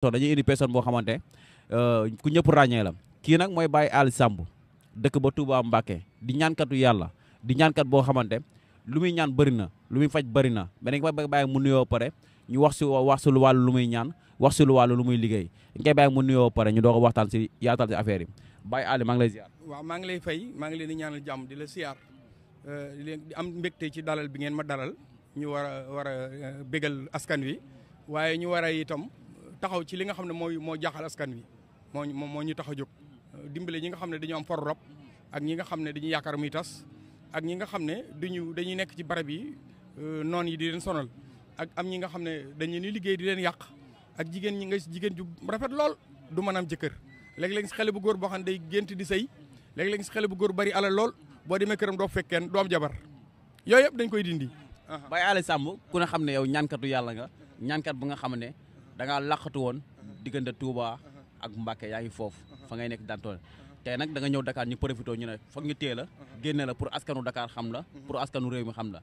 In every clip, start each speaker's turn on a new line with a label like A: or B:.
A: so dañuy indi personne boo xamante euh, ku ñëpp ràññee la kii nag mooy bay Ali Samb dëkk ba Touba Mbacké di ñaankatu yàlla di ñaankat boo xamante lu muy ñaan bëri na lu muy faj bëri na mais dañ koy bàyyi mu nuyoo pare ñu wax si wax si lu wàllu lu muy ñaan wax si lu wàllu lu muy liggéey dañ koy bàyyi mu nuyoo pare ñu doog a waxtaan si yaatal si affaire yi Baye Ali maa ngi lay ziar. waaw maa
B: ngi lay fay maa ngi i di ñaanal jàmm di la siyaar euh, di leen am mbégte ci dalal bi ngeen ma dalal ñu war a war a euh, bégal askan wi waaye ñu war a taxaw ci li nga xamne moy mo jaxal askan wi mo mo ñu taxaw juk dimbele ñi nga xamne dañu am for rob ak ñi nga xamne dañu dañuy yaakaar muy tas ak ñi nga xamne duñu dañuy nekk ci barab yi euh, non yi di len sonal ak am ñi nga xamne dañu ni liggey di len yak ak jigen ñi nga jigen ju rafet lol du mën am jëkkër leg bu goor bo xamne day di sey leg leg
A: bu goor bari alal lol boo demee këram do fekkeen do am jabar yooyu yëpp dañ koy dindi. bay ala sambu ku na xamne ne yow ñaankatu yalla nga bu nga xamne da nga laxatu won digënde Touba ak Mbacké yaa ngi fa ngay nek dantol tey nak da nga ñëw Dakar ñu profito ñu ne foog ñu la la pour askanu Dakar xam la pour askanu réew mi xam la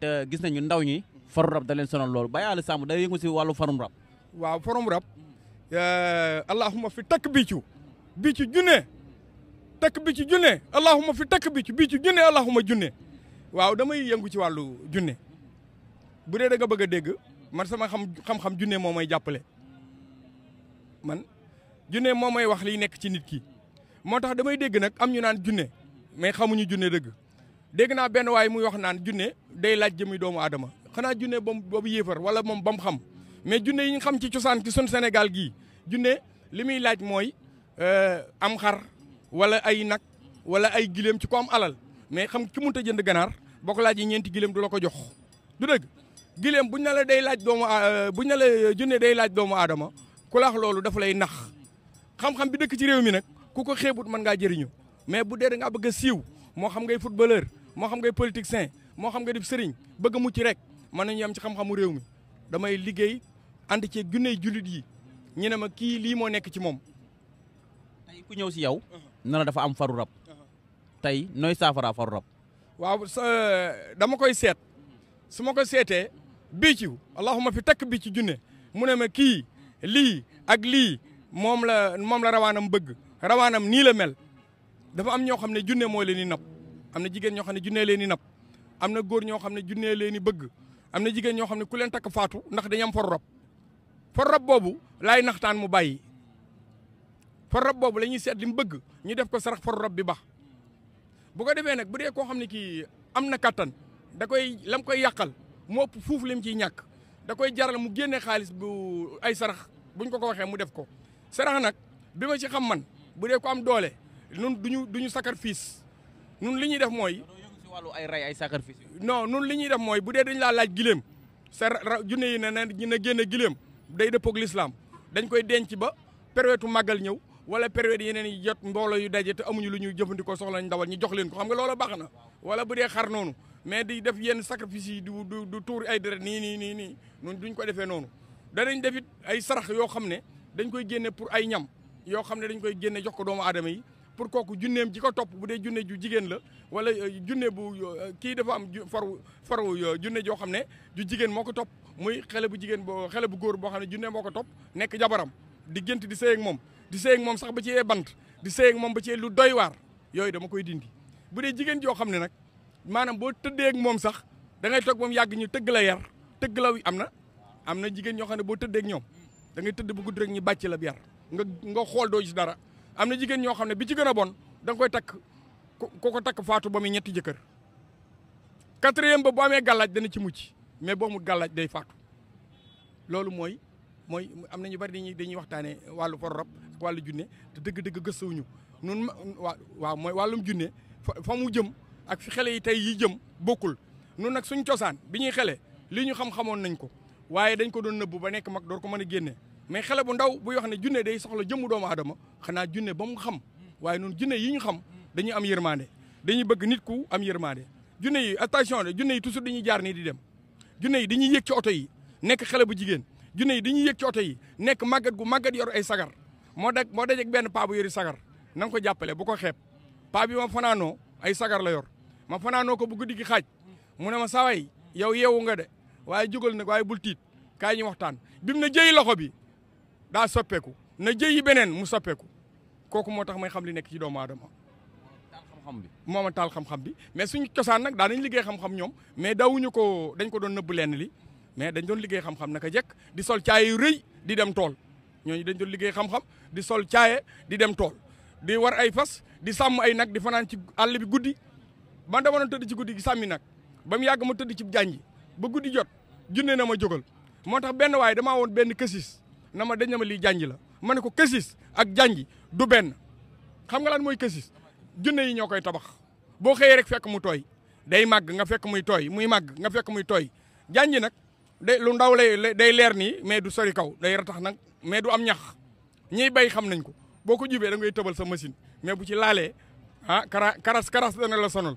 A: te gis nañu ndaw ñi forum rap da leen sonal lool ba yaalla sam da yëngu ci walu forum rap, waaw rap
B: euh allahuma fi bi ci biccu tak bi ci allahuma fi ci bi ci junne allahuma junne waaw damay yëngu ci walu junne bu dé da nga bëgg dégg man sama xam xam junne moo may jàppale man junne moo may wax liy nekk ci nit ki moo tax damay dégg nag am ñu naan junne mais xamuñu junne dëgg dégg naa benn waay muy wax naan junne day laaj jëmi doomu aadama xanaa junne bam boobu yéefar wala moom ba mu xam mais junne yi ñu xam ci cosaan ci sun senegal gii junne li muy laaj mooy euh, am xar wala ay nag wala ay gileem ci ko am alal mais xam ki mënut jënd ganaar boo laaj laajee ñeenti gileem du la ko jox du dëgg gileem bu ne la day laaj doomu euh, buñ ne la euh, junne day laaj doomu aadama ku loolu dafa lay nax xam-xam bi dëkk ci réew mi nag ku ko xeebut man ngaa jëriñu mais bu dee da ngaa bëgg a moo xam ngay footballeur moo xam ngay politicien moo xam nga def sëriñ bëgg mucc rek mën nañu am si xam-xamu réew mi damay liggéey ànd ci gunney jullit yi ñu
A: ne ma kii lii moo nekk ci moom. tey ñëw si yow. na dafa am faru tey nooy saafara faru rab.
B: waaw euh, dama koy seet su ma ko seetee. biicu allahuma fi takk bi ci junne mu ne ma kii lii ak lii moom la moom la rawaanam bëgg rawaanam nii la mel dafa am ñoo xam ne junne moo leen di napp am na jigéen ñoo xam ne junne leen di napp am na góor ñoo xam ne junne leen di bëgg am na jigéen ñoo xam ne ku leen takk faatu ndax dañu am for rob for rab boobu laay naxtaan mu bàyyi for rob boobu la ñuy seet li mu bëgg ñu def ko sarax for rob bi baax bu ko defee nag bu dee koo xam ne kii am na kattan da koy lam koy yàqal moo ëpp fuuf lim ciy ñàkk da koy jaral mu génne xaalis bu ay sarax buñ ko ko waxee mu def ko sarax nag bi ma ci xam man bu dee ko am doole nun duñu duñu sacrifice nun li ñuy def mooy wàllu ay ray ay sacrifice non nun li ñuy def mooy bu dee dañ laa laaj giléem sa junne yi ne na génne giléem day dëppoog lislaam dañ koy denc ba période màggal ñëw wala période yeneen yi jot mbooloo yu daje te amuñu lu ñuy jëfandikoo soxla ñu dawal ñu jox leen ko xam nga loolo bax na wala bu dee xar noonu mais di def yenn sacrifice du du tour ay nii nii nii nii duñ ko defee def ay sarax dañ koy pour ay ñam yoo xam ne dañ koy génne jox ko doomu aadama yi pour kooku junneem ji ko topp bu dee junne ju jigéen la wala euh, junne bu euh, kii dafa am faru faru euh, junne joo xam ne ju jigéen moo ko topp muy xale bu jigéen boo xale bu góor boo xam ne junne moo ko topp jabaram di di seey ak moom di seey ak moom sax ba di ak dindi bu ne maanaam boo tëddee ak moom sax dangay ngay toog moom ñu tëgg la yar tëgg la am na am na jigéen ñoo xam ne boo tëddee ak ñoom da ngay tëdd bu rek ñi bàcc la bi yar nga nga xool doo gis dara am na jigéen ñoo xam ne bi ci gën a bon da koy takk ko ko takk faatu ba muy ñetti jëkkër quatrième ba bu amee gàllaaj dana ci mucc mais boo mu gàllaaj day faatu loolu mooy mooy am na ñu bari dañuy dañuy waxtaanee wàllu for rab ak junne te dëgg-dëgg gëstuwuñu waaw mooy wàllum junne fa mu jëm ak fi xale yi tey yi jëm bokkul nun nag suñ cosaan bi ñuy xale li ñu xam-xamoon nañ ko waaye dañ ko doon nëbbu ba nekk mag door ko mën a génne mais xele bu ndaw buy wax ne junne day soxla jëmmu doomu aadama xanaa junne ba xam waaye nun junne yi ñu xam dañuy am yërmande dañuy bëgg nit ku am yërmande junne yi attention de junne yi toujours dañuy jaar nii di dem junne yi dañuy yëg ci oto yi nekk xele bu jigéen junne yi dañuy yëg ci oto yi nekk màggat gu màggat yor ay sagar moo dag moo dajeeg benn paa bu sagar na ko jàppale bu ko xeeb paa bi ma fanaanoo ay sagar la yor ma fanaanoo ko bu digg xaaj mu ne ma saway yow yeewu nga de waaye jógal nag waaye bul tiit kaay ñu waxtaan bi mu ne jëyi loxo bi daa soppeeku na jëyi beneen mu soppeeku kooku moo tax may xam li nekk ci doomu adama xam bi moom a taal xam-xam bi mais suñu cosaan nag daa nañ liggéey xam-xam ñoom mais daawuñu ko dañ ko doon nëbb leen li mais dañ doon liggéey xam-xam a jekk di sol caaye yu rëy di dem tool ñooñu dañ doon liggéey xam-xam di sol caaye di dem tool di war ay fas di sàmm ay nag di fanaan ci àll bi guddi man dama doon tëdd ci guddi gi sàmmi nag ba mu ma tëdd ci jànji ba guddi jot junne na ma jógal moo tax benn waaye damaa woon benn kësis na ma dañ na ma lii jànji la ma ne ko kësis ak jànji du benn xam nga lan mooy kësis junne yi ñoo koy tabax boo xëyee rek fekk mu tooy day màgg nga fekk muy tooy muy màgg nga fekk muy tooy jànji nag day lu ndaw lay day leer nii mais du sori kaw day ratax nag mais du am ñax ñiy bay xam nañ ko boo ko jubee da ngay tëbal sa machine mais bu ci laalee ah kara karas karas dana la sonal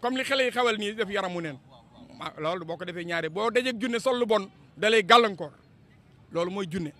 B: comme li xale yi xawal nii def yaramu neen ah, loolu boo ko defee ñaari boo dajeeg junne sol lu bon dalay lay gàllankoor loolu mooy junne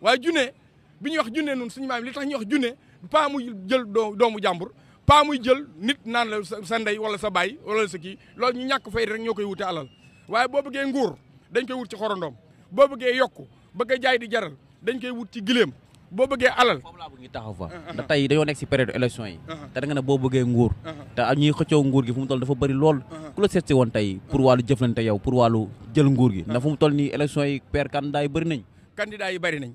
B: waaye junne bi ñuy wax junne nun suñu maam li tax ñuy wax junne pas muy jël doomu jàmbur pas muy jël nit naan la sa ndey wala sa baay wala sa kii loolu ñu ñàkk fay rek ñoo koy wute alal waaye boo bëggee nguur dañ koy wut ci xorondoom boo bëggee yokk bëgg a jaay di jaral dañ koy wut ci gileem. boo bëggee alal foofu laa bëgg ñu fa
A: uh-huh. da tey dañoo nekk si période élection yi uh-huh. te da nga ne boo bëggee nguur uh-huh. te ñuy xëccoo nguur gi fu mu toll dafa bëri lool ku la seet si woon tey pour wàllu jëflante yow pour wàllu jël nguur gi ndax fu mu toll nii élection yi père candidat yi bëri nañ
B: candidat yi bëri nañ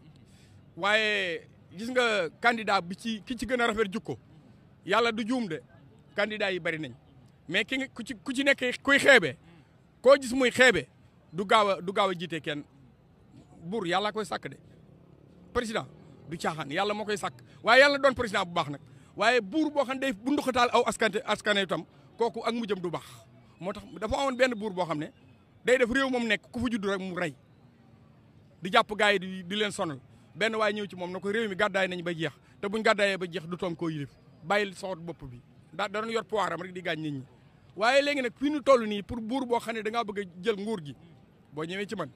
B: waaye gis nga candidat bi ci ki ci gën a rafet jukko yàlla du juum de candidat yi bëri nañ mais ki ku ci ku ci nekk kuy xeebe koo gis muy xeebe du gaaw du gaaw a jiite kenn buur yàlla koy sàkk de président du caaxaan yàlla moo koy sàkk waaye yàlla doon président bu baax nag waaye buur boo xam ne day bunduxataal aw askan askan itam kooku ak mujjam du baax moo tax dafa amoon benn buur boo xam ne day def réew moom nekk ku fa rek mu rey di jàpp gars yi di di leen sonal benn waaye ñëw ci moom na ko réew mi gàddaay nañ ba jeex te buñ gàddaayee ba jeex du toom koo yilif bàyyil soxot bopp bi da doon yor pouvoir am rek di gaañ nit ñi waaye léegi nag fi ñu toll nii pour buur boo xam ne dangaa bëgg jël nguur gi boo ñëwee ci man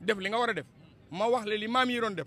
B: def li nga war a def ma wax le li maam yi doon def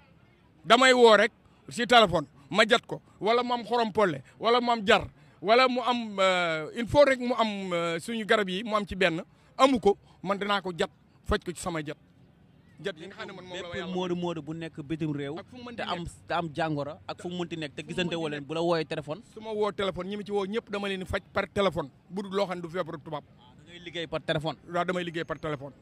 B: damay woo rek si téléphone ma jat ko wala mu am xorom polle wala mu jar wala mu am euh, il faut rek mu am euh, suñu garab yi mu am ci benn amu ko man danaa
A: ko jat faj ko ci sama jat jat yi nga xam ne man moom la yàlla moodu moodu bu nekk bitim réew te am te ak fu mu mënti nekk te gisante woo leen bu la wooyee téléphone su ma woo téléphone ñi mu ci woo
B: ñëpp dama leen faj par téléphone bu dul loo xam ah, liggéey par téléphone waaw damay liggéey par téléphone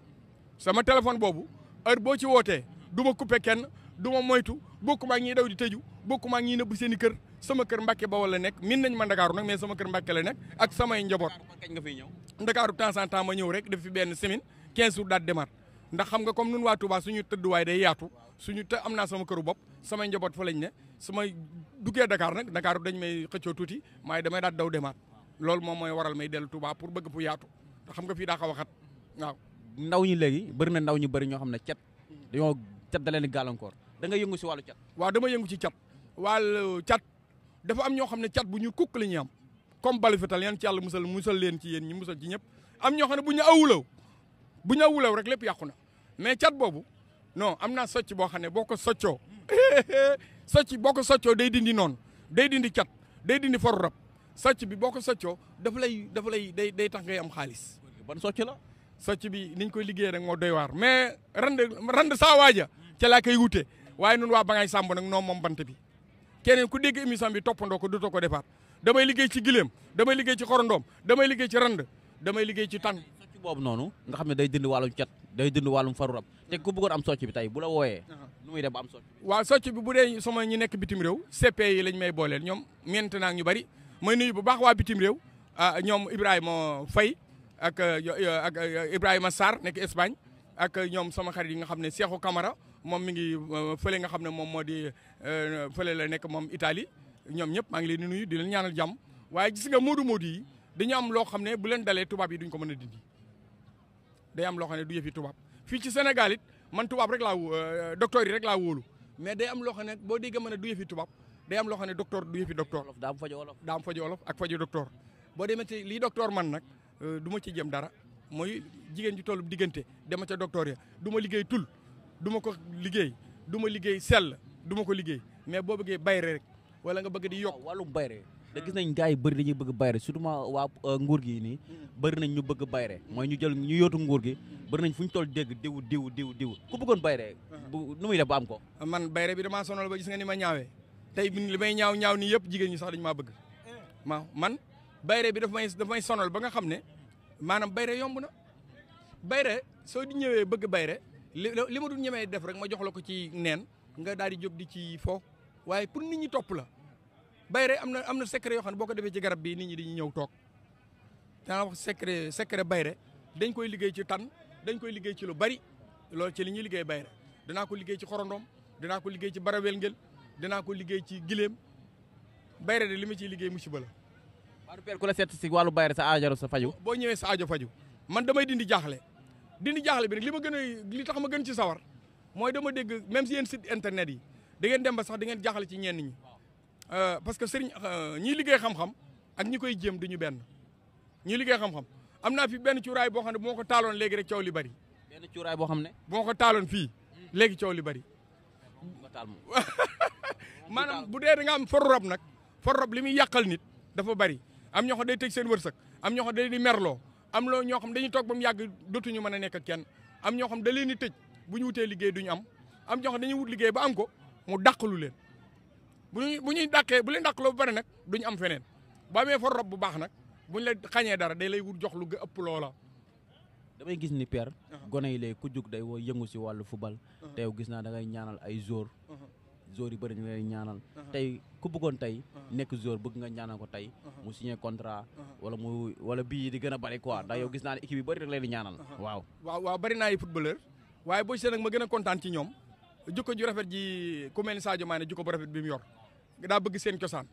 B: sama téléphone boobu heure boo ci wootee du ma coupé kenn du ma moytu bokkuma ak ñiy daw di tëju bokkuma ak ñiy nëbb seen i kër sama kër Mbàkke Bawol la nekk min nañ ma Ndakaaru nag mais sama kër Mbàkke la nekk ak samay njaboot. kañ nga fiy ñëw Ndakaaru temps en temps ma ñëw rek def benn semaine 15 jours daal demaat ndax xam nga comme nun waa Touba suñu tëdduwaay day yaatu suñu am naa sama këru bopp samay njaboot fa lañ ne samay duggee dakaar nag Dakar dañ may xëccoo tuuti maay damay daal daw demaat loolu moom mooy waral may dellu Touba pour bëgg fu yaatu te xam nga fii daa xaw a xat waaw.
A: ndaw ñi léegi bëri na ndaw ñu bëri ñoo xam ne cet dañoo da leen gàllankoor danga nga yëngu si wàllu cat waaw dama yëngu ci cat wàllu cat dafa am ñoo xam ne cat bu ñu kukk la ñuy am
B: comme balu fetal ci yàlla musal musal leen ci yéen ñi musal ci ñëpp am ñoo xam ne bu ñu awulaw bu ñu awulaw rek lépp yàqu na mais cat boobu non am naa socc boo xam ne boo ko soccoo socc boo ko soccoo day dindi noonu day dindi cat day dindi for rab socc bi boo ko soccoo dafa lay dafa lay day day tax ngay am xaalis ban socc la socc bi niñ koy liggéey rek moo doy waar mais rand rand saa waaja ca laa koy wute waaye nun waa Bangaay Samb nag noo moom bant bi keneen ku dégg émission bi toppandoo ko dootoo ko defar damay liggéey ci gileem
A: damay liggéey ci xorondoom damay liggéey ci rand damay liggéey ci tànn boobu noonu nga xam ne day dindi wàllum cat day dindi wàllum faru rab te ku bëggoon am socc bi tey bu la wooyee uh-huh. nu muy def ba am socc waaw socc
B: bi bu dee sama ñu nekk bitim réew CP lañ may booleel ñoom ment naag ñu bari may nuyu bu baax waa bitim réew ah, ñoom Ibrahima Faye ak ak Ibrahima Sarr nekk Espagne ak ñoom sama xarit yi nga xam ne Cheikhou Camara moom mi ngi euh, fële nga xam ne moom moo di euh, fële la nekk moom Italie ñoom ñëpp maa ngi leen di nuyu di leen ñaanal jàmm waaye gis nga moodu moodu yi dañu am loo xam ne bu leen dalee tubaab yi duñ ko mën a dindi day am loo xam ne du yëfi tubaab fii ci Sénégal man tubaab rek laa euh, docteur yi rek laa mais day am loo xam ne boo déggee mën a du yëfi tubaab day loo xam ne docteur du yëfi daa am faji wolof daa am ak faji docteur boo demee ci lii docteur man nag du ci jëm dara mooy jigéen ji tollu diggante dama ca docteur ya du ma liggéey tul duma ko liggéey du ma liggéey sel du ma ko liggéey mais boo bëggee bayre rek wala nga bëgg di yokk wàllum bayre
A: da nañ gars yi bëri dañuy bëgg bayre surtout ma waa euh, nguur gi nii mm. bëri nañ ñu bëgg bayre mooy ñu jël ñu yootu nguur gi bëri nañ fu ñu toll dégg diw diw diw diw ku bëggoon bayre uh-huh. nu muy def ba am ko ah, man bayre bi damaa
B: sonal ba gis nga ni ma ñaawee tey li may ñaaw ñaaw nii yëpp jigéen ñi sax dañu maa bëgg ma man bayre bi daf may daf may sonal ba nga xam ne maanaam bayre yomb na bayre soo di ñëwee bëgg bayre li li ma dul ñemee def rek ma jox la ko ci neen nga daal di jóg di ci fo waaye pour nit ñi topp la bayre am na am na secret yoo xam ne boo ko defee ci garab bi nit ñi dañuy ñëw toog danaa wax secret secret bayre dañ koy liggéey ci tan dañ koy liggéey ci lu bari loolu ci li ñuy liggéey bayre danaa ko liggéey ci xorondoom danaa ko liggéey ci barawel ngel danaa ko liggéey ci gileem bayre de li ma ciy liggéey musiba la. waaw ku la seet si wàllu
A: bayre sa aajo sa faju
B: boo ñëwee sa aajo faju man damay dindi jaaxle. dindi jaxale bi rek lima gëna li tax ma gën ci sawar moy dama dégg même si yeen site internet yi da ngeen dem ba sax da ngeen jaxale ci ñenn ñi euh, parce que sëriñ euh, ñi liggéey xam-xam ak ñi koy jëm duñu benn ñi liggéey xam-xam amna fi benn cuuraay boo xam ne bu ma rek ciow li bari. benn cuuraay boo xam ne. bu ma ko li bari. Manam bu dé da nga am forrob nak forrob limi yakal nit dafa bari am ñoo xam day tek seen wërsëg am ñoo xam day di merlo. am loo ñoo xam dañu toog ba mu yàgg dootuñu mën a nekk ak kenn am ñoo xam da leen di tëj bu ñu wutee duñu am am ñoo xam wut liggéey ba am ko mu lu leen bu ñuy bu ñuy dàqee bu leen dàqaloo ba pare nag duñu am feneen ba amee fa rob
A: bu baax nag buñ la xañee dara day lay wut jox lu ëpp loola. damay gis ni père. Uh-huh. gone yi lay ku jug day woo yëngu si wàllu football. Uh-huh. te yow gis naa da ngay ñaanal ay joueurs. Uh-huh. joueurs yu bëri ñu lay ñaanal uh-huh. tey ku bëggoon tey uh-huh. nekk joueur bëgg nga ñaanal ko tey uh-huh. mu signé contrat wala mu wala bii di gën a bëri quoi ndax yow gis naa ne équipe yi bëri rek leen di ñaanal waaw
B: waaw waaw bëri naa yi footballeur waaye boo gisee nag ma gën a kontaan ci ñoom jukko ju rafet ji ku mel ni Sadio Mané jukko bu rafet bi mu yor daa bëgg seen cosaan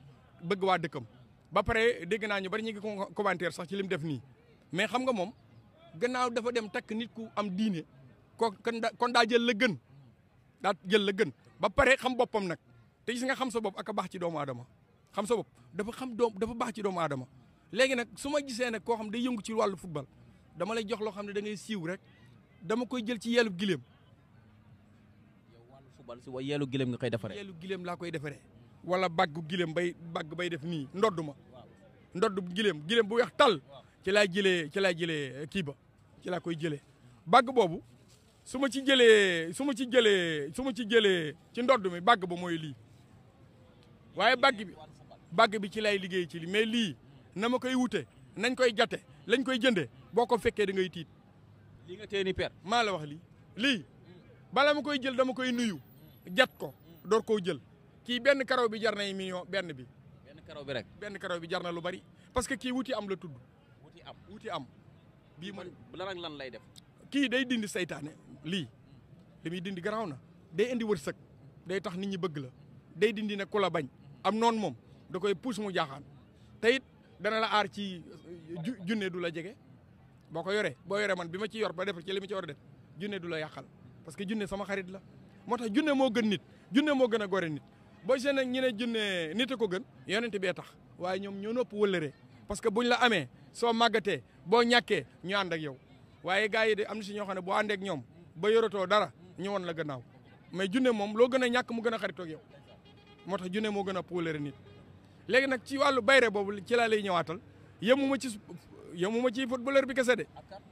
B: bëgg waa dëkkam ba pare dégg naa ñu bari ñu ngi commentaire sax ci li def nii mais xam nga moom gannaaw dafa dem takk nit ku am diine ko kon daa jël la gën daa jël la gën ba pare xam boppam nag te gis nga xam sa bopp ak a baax ci doomu aadama xam sa bopp dafa xam doom dafa baax ci doomu aadama léegi nag su ma gisee nag koo xam day yëngu ci wàllu football dama lay jox loo xam ne da ngay siiw rek dama koy jël ci yeelu gileem.
A: yow wàllu si wa yeelu gileem nga koy defaree.
B: yeelu gileem laa koy defaree. wala baggu gileem bay bagg bay def nii ndodd ma. ndodd gileem gileem bu weex tal ci laa jëlee ci laa jëlee kii ba ci laa koy jëlee bagg boobu. su ma ci jëlee su ma ci jëlee su ma ci jëlee ci ndodd mi bàgg ba mooy lii waaye bàgg bi bàgg bi ci lay liggéey ci li mais lii na ma koy wute nañ koy jate lañ koy jëndee boo ko fekkee da ngay tiit. lii nga tee ni maa la wax lii lii bala ma koy jël dama koy nuyu jat ko door koo jël kii benn karaw bi jar na million benn bi.
A: benn karaw bi rek
B: benn karaw bi jar na lu bari parce que kii wuti am la tudd. wuti am wuti am. bii
A: man lan lan lay def.
B: kii day dindi seytaane lii li muy dindi garaaw na day indi wërsëg day tax nit ñi bëgg la day dindi ne ku bañ am noonu moom da koy puus mu jaaxaan te it dana la aar ci euh, junne du la jege boo ko yoree boo yore man bi ma ci yor ba def ci li ma ci war a def junne du la yàqal parce que junne sama xarit la moo tax junne moo gën nit junne moo gën a gore nit boo seen nag ñi ne junne nit a ko gën yonent bee tax waaye ñoom ñoo nopp wëlëree parce que buñ la amee soo màggatee boo ñàkkee ñu ànd ak yow waaye gars yi de am na si ñoo xam ne boo àndee ak ba yoratoo dara ñu la gannaaw mais junne moom loo gën a ñàkk mu gën a xaritoog yow moo tax junne moo gën a puulere nit léegi nag ci wàllu bayre boobu ci laa lay ñëwaatal yemuma ci yemuma ci footballeur bi kese de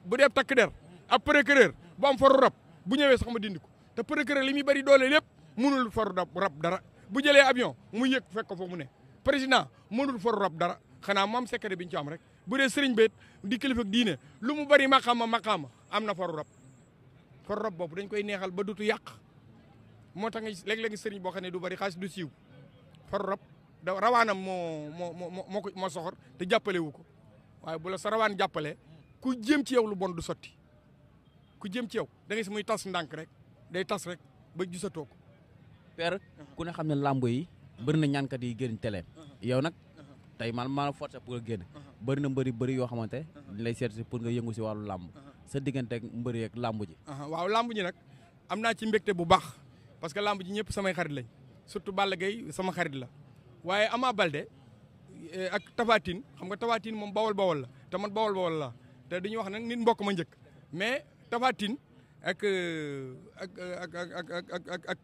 B: bu dee takk der ab procureur bu am faru rab bu ñëwee sax ma dindi ko te procureur li muy bëri doole lépp mënul faru rab dara bu jëlee avion mu yëg fekk ko mu ne président mënul faru rab dara xanaa mu am secret bi ñu ci am rek bu dee sëriñ beet di kilifa diine lu mu bëri maqaama maqaama am na faru rab ko rob boobu dañ koy neexal ba dutu yàq motax nga leg leg serigne bo xane du bari khas du siw far rob da rawanam mo mo mo mo soxor te jappale wuko waye bu la sa rawan jappale ku jëm ci yow lu bon du soti ku jëm ci yow da ngay si tass ndank rek day tass rek ba gisatoo tok
A: père ku ne xamne lambo yi na yi gën télé yow nak tay man ma forcer pour gën génn uh-huh. na mbëri bëri dañ lay pour nga yëngu ci walu sa diggante ak mbër yeeg ji.
B: waaw làmb ji nag am naa ci mbégte bu baax parce que làmb ji ñëpp samay xarit lañ surtout Balla Gaye sama xarit la waaye Ama Balde eh, ak Tafatine xam nga Tafatine moom bawol bawol la te man bawol bawol la te dañuy wax nag nit mbokk ma njëkk mais Tafatine eh, ak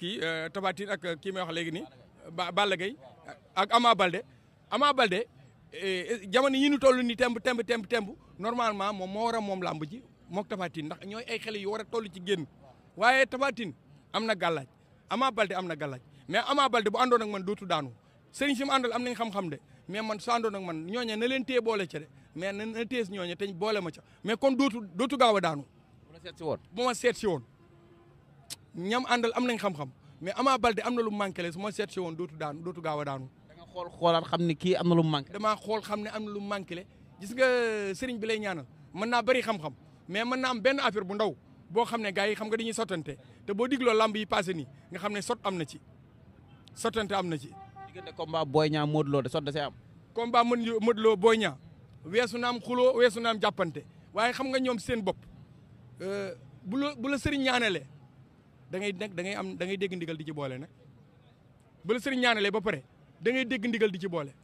B: kii eh, Tafatine ak kii may wax léegi nii Balla Gaye ak Ama Balde Ama Balde jamono yi ñu toll nii temb temb temb normalement moom moo war a moom làmb ji mook Tafatine ndax ñooy ay xale yu war a ci génn waaye Tafatine am na gàllaaj Ama Baldé am na gàllaaj mais Ama Baldé bu àndoon man dootu daanu sëriñ si mu àndal am nañ xam-xam de mais man su àndoon ak man ñooñe na leen téye boole ca mais na na téye ñooñe teñ boole ma ca mais kon dootu dootu gaaw a daanu. bu seet si woon bu seet si ñam àndal am nañ xam mais Ama Baldé am na lu manqué le su ma seet woon dootu daanu dootu gaaw a daanu. da nga
A: xool xoolaat xam ne kii am na lu manqué.
B: damaa xool xam ne am na lu manqué le gis nga sëriñ bi lay ñaanal mën naa bëri xam-xam mais mën na am benn affaire bu ndaw bo xam ne yi xam nga dañuy sottante te bo diglo lamb yi passé ni nga xam ne sot amna ci sottante am ci. digënde combat boyña modlo Modou de sot da ci am. combat Modou Lo Boy Niang weesu na am xuloo weesu na am jàppante waaye xam nga ñom seen bop euh bu la sëriñ ñaanalee da ngay nag da ngay am da ngay dégg ndigal di ci bolé nak bu la sëriñ ñaanalee ba paré da ngay dégg ndigal di ci bolé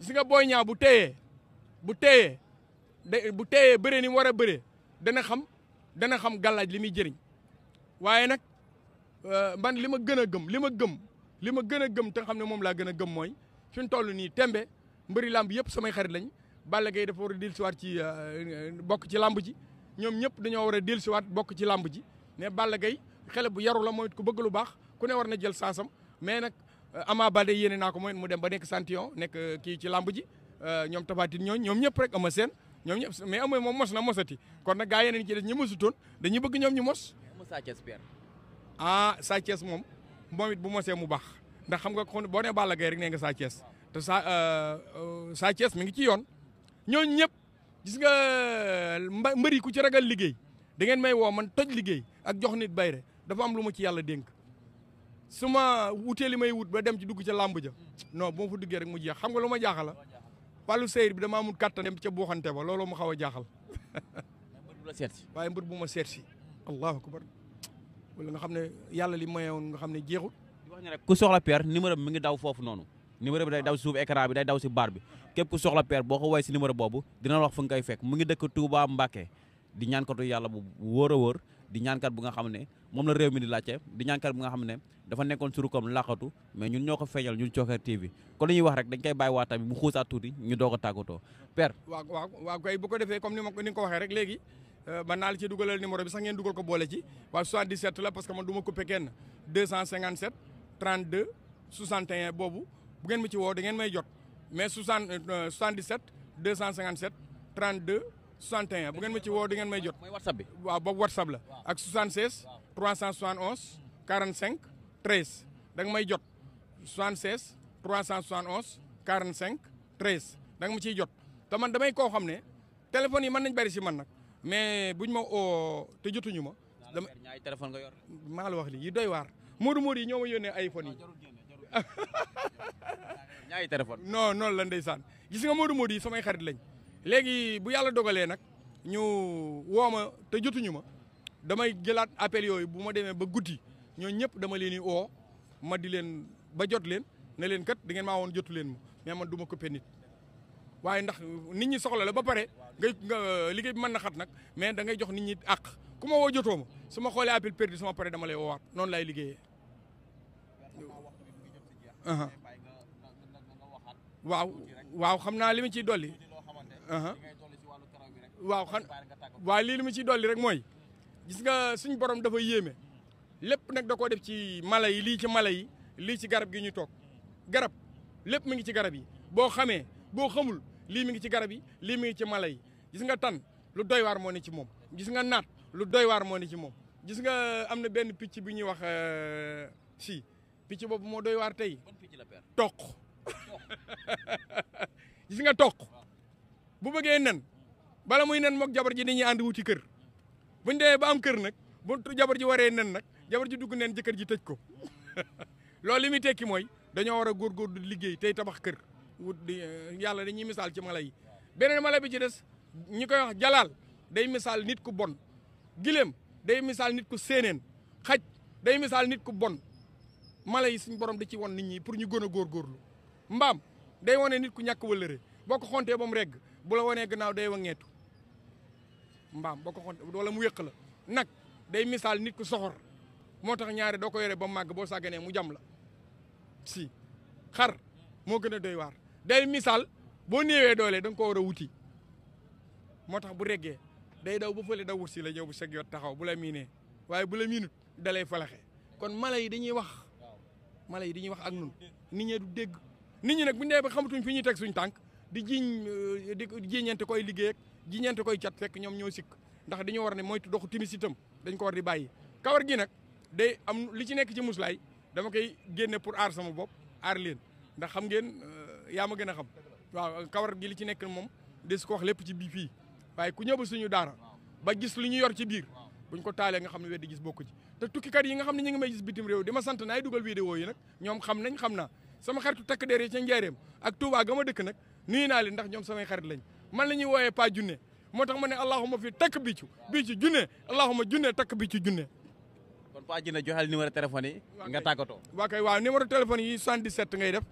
B: gis nga boyña bu téyé bu téyé bu téyé béré ni wara béré dana xam dana xam gàllaaj li muy jëriñ waaye nag euh, man li ma gën a gëm li ma gëm li ma gën a gëm te xam ne moom laa gën a gëm mooy fi mu toll nii tembe mbëri làmb yëpp samay xarit lañ Balla Gaye def war a dellusiwaat ci euh, euh, bokk ci làmb ji ñoom ñëpp dañoo war a dellusiwaat bokk ci làmb ji mais Balla Gaye xele bu yaru la mooy ku bëgg lu baax ku ne war na jël saasam mais nag amaa Baldé yéene naa ko mooy mu dem ba nekk champion nekk kii ci làmb ji ñoom Tapha Tine ñooñu ñoom ñëpp rek ama seen ñoom ñëpp mais amul moom mos na mosati kon nag gaa yeneen ci des ñu mosutoon dañuy bëgg ñoom ñu mos.
A: amul Thiès Pierre.
B: ah Sa Thiès mom moom bu mosee mu baax ndax xam nga kon boo nee Balla Gaye rek nee nga Sa Thiès te Sa euh, euh, Sa Thiès mi ngi ci yoon ñooñu ñëpp gis nga mbëri ku ci ragal liggéey da ngeen may woo man toj liggéey ak jox nit bayre dafa am lu ma ci yàlla dénk su ma wutee wut ba dem ci dugg ca làmb ja non bu ma fa rek mu jeex xam nga wàllu seyir bi damaa amul kattan dem ca buuxante ba looloo mu xaw a jaaxal. waaye mbër bu ma seet si. allahu akbar wala nga xam ne yàlla li mayoon nga xam ne jeexul. di
A: wax ku soxla peer numéro bi mi ngi daw foofu noonu. numéro bi day daw suuf écran bi day daw si baar bi képp ku soxla peer boo ko woowee si numéro boobu dina la wax fu nga koy fekk mu ngi dëkk Touba Mbacké di ñaan ko tu yàlla bu wóor a wóor di ñaankat bu nga xamne mom la réew mi di laccé di ñaankat bu nga xamne dafa nekkon suru laqatu mais ñun ñoko feñal ñun Thioker TV ko lañuy wax rek dañ koy bay waata bi mu xusa tuti ñu doog tagoto père
B: wa wa wa kay bu ko defee comme ni mako ni ko waxé rek légui euh, man naa la ci dugalal numéro bi sax ngeen dugal ko bolé ci wa 77 la parce que man duma coupé kenn 257 32 61 bobu bu ngeen ma ci wo da ngeen may jot mais 77 257 32 61 bu ngeen ma ci woo di ngeen may jot. whatsapp bi waaw boobu whatsapp la. ak 76 371 45 13 da nga may jot 76 371 45 13 da nga ma ciy jot. te man damay koo xam ne téléphone yi mën nañ bari si man nag mais buñ ma oo te jotuñu ma. dama ñaari téléphone nga yor. ma la wax li yi doy waar Modou Modou yi ñoma yone iPhone yi. ñaari téléphone. non non la ndeysaan gis nga Modou Modou yi samay xarit lañ. léegi bu yàlla dogalee nag ñu woo ma te jotuñu ma damay jëlaat appel yooyu bu ma demee ba guddi ñoo ñëpp dama leen di woo ma di leen ba jot leen ne leen kat da ngeen maa woon jotu leen ma mais man du ma coupé nit waaye ndax nit ñi soxla la ba pare nga liggéey bi mën na xat nag mais da ngay jox nit ñi àq ku ma woo jotoo ma su ma xoolee appel perdu sama pare dama lay woowaat noonu laay liggéeyee. waaw waaw xam naa li ma ciy dolli. waaw xan waaw lii li mu ciy dolli rek mooy gis nga suñ borom dafa yéeme lépp nag da koo def ci mala yi lii ci mala yi lii ci garab gi ñu toog garab lépp mu ngi ci garab yi boo xamee boo xamul lii mi ngi ci garab yi lii mi ngi ci mala yi gis nga tan lu doy waar moo ne ci moom gis nga naat lu doy waar moo ne ci moom gis nga euh, am na benn picc bu ñuy wax euh, si picc boobu moo doy waar tey toq gis nga toq bu bëggee nen bala muy nen moog jabar ji dañuy ànd wu ci kër buñ demee ba am kër nag bu jabar ji waree nen nag jabar ji dugg nen jëkkër ji tëj ko loolu li muy tekki mooy dañoo war a góor góor góorgóorlu liggéey tey tabax kër wut eh, yàlla dañuy misaal ci mala yi beneen mala bi ci des ñi koy wax jalaal day misaal nit ku bon gileem day misaal nit ku séeneen xaj day misaal nit ku bon mala yi suñ borom di ci won nit ñi pour ñu gon a góor góorlu mbaam day wane nit ku ñàkk wëllëre boo ko xontee ba mu bu la wanee gannaaw day wangeetu mbaam boo ko xon wala mu yëq la nag day misaal nit ku soxor moo tax ñaare doo ko yore ba màgg boo sàgganee mu jam la si xar moo gën a doy waar day misaal boo néewee doole dang ko war a wuti moo tax bu reggee day daw ba fële daw wut si la ñëw bu seg yoot taxaw bu la miinee waaye bu la miinut dalay falaxe kon mala yi dañuy wax mala yi dañuy wax ak nun nit ñee du dégg nit ñi nag bu ñu ba xamatuñ fi ñuy teg suñ tànk di jiñ euh, di jiñante koy liggéey ak jiñante koy cat fekk ñoom ñoo sikk ndax dañoo war ne moytu doxu timis itam dañ ko war di bàyyi kawar gi nag de am li ci nekk ci muslaay dama koy génne pour aar sama bopp aar leen ndax xam ngeen euh, yaa ma gën a xam waaw kawar gi li ci nekk moom des ko wax lépp ci bii fii waaye ku ñëw ba suñu daara ba gis lu ñu yor ci biir buñ ko taalee nga xam ne weddi gis bokk ci te tukkikat yi nga xam ne ñu ngi may gis bitim réew di ma sant naay dugal vidéo yi nag ñoom xam nañ xam naa sama xaritu takk der yi ca Njaareem ak Touba ga ma dëkk nag nuyu naa leen ndax ñoom samay xarit lañ man la ñuy wooyee pas junne moo tax ma ne allahuma fi takk bi ci bii ci junne allahuma junne takk bi ci junne.
A: kon pas junne joxal numéro téléphone yi. nga tàggatoo
B: waa kay waaw numéro téléphone yi 77 ngay def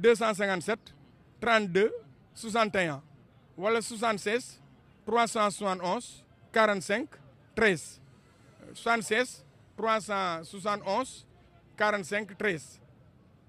B: 257 32 61 wala 76 371 45 13 76 371 45 13.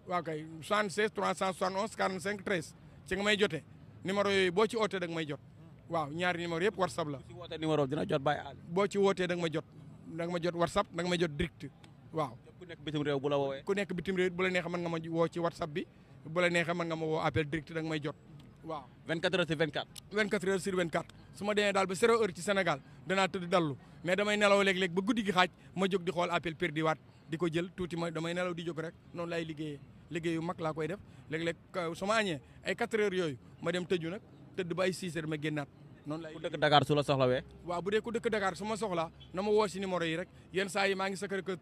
B: waaw kay 76 371 45 13 ci nga may jotee numéro yooyu boo ci ootee da may jot waaw ñaari numéro yëpp whatsapp la. boo ci wootee numéro dina jot Baye boo ci wootee da nga ma jot da nga ma jot whatsapp da nga ma jot direct waaw. ku nekk bitim réew bu la woowee. ku nekk bitim réew bu la neexee mën nga ma woo ci whatsapp bi bu la neexee mën nga ma woo appel direct da may jot. waaw 24 heures sur 24. 24 heures sur 24 su ma demee daal ba zéro heure ci Sénégal danaa tëdd dallu mais damay nelaw léeg-léeg ba guddi gi xaaj ma jóg di xool appel perdi waat di ko jël tuuti ma damay nelaw di jóg rek noonu laay liggéeyee liggéey yu mag laa koy def léeg-léeg euh, su ma añee ay 4 heures yooyu ma dem tëju nag tëdd ba ay 6 ma génnaat. noonu lay ku dëkk
A: Dakar su la soxlawee.
B: waaw bu dee ku dëkk Dakar su ma soxlaa na ma woo si numéro yi rek saa yi maa ngi Sacré-Cœur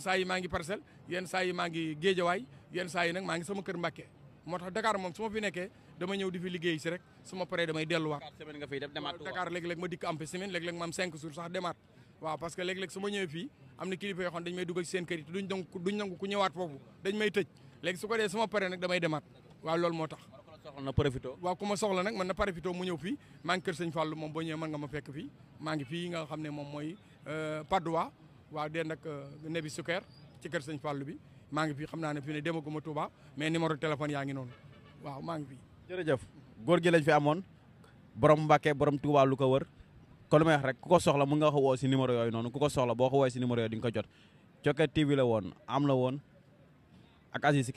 B: saa yi maa ngi Parcelles yenn saa yi maa ngi Guédiawaye yenn saa yi nag maa ngi sama kër Mbacké moo tax Dakar moom su ma fi nekkee dama ñëw di fi liggéey si rek su ma paree damay delluwaat. semaine nga fiy def demaat Dakar léeg-léeg ma dikk am fi semaine léeg-léeg ma am cinq jours sax demaat. waaw parce que léeg su ma ñëwee fii am na kilifa yoo dañ may damay demaat waaw loolu moo tax. soxla na profito waaw ku ma soxla nag man na profito mu ñëw fii maa ngi kër sëñ Fallou moom boo ñëwee mën nga ma fekk fii maa ngi fii nga xam ne moom mooy euh, Padois waaw dee euh, nag nebi sukeer ci kër sëñ bi maa ngi fi xam naa ne fi ne demaguma Touba mais numéro téléphone yaa ngi noonu waaw maa ngi fi.
A: jërëjëf góor gi lañ fi amoon borom Mbacke borom Touba lu ko wër kon lu may wax rek ku ko soxla mën nga ko woo si numéro yooyu noonu ku ko soxla boo ko woowee si numéro yooyu di nga ko jot Thioker TV la woon am la woon ak Aziz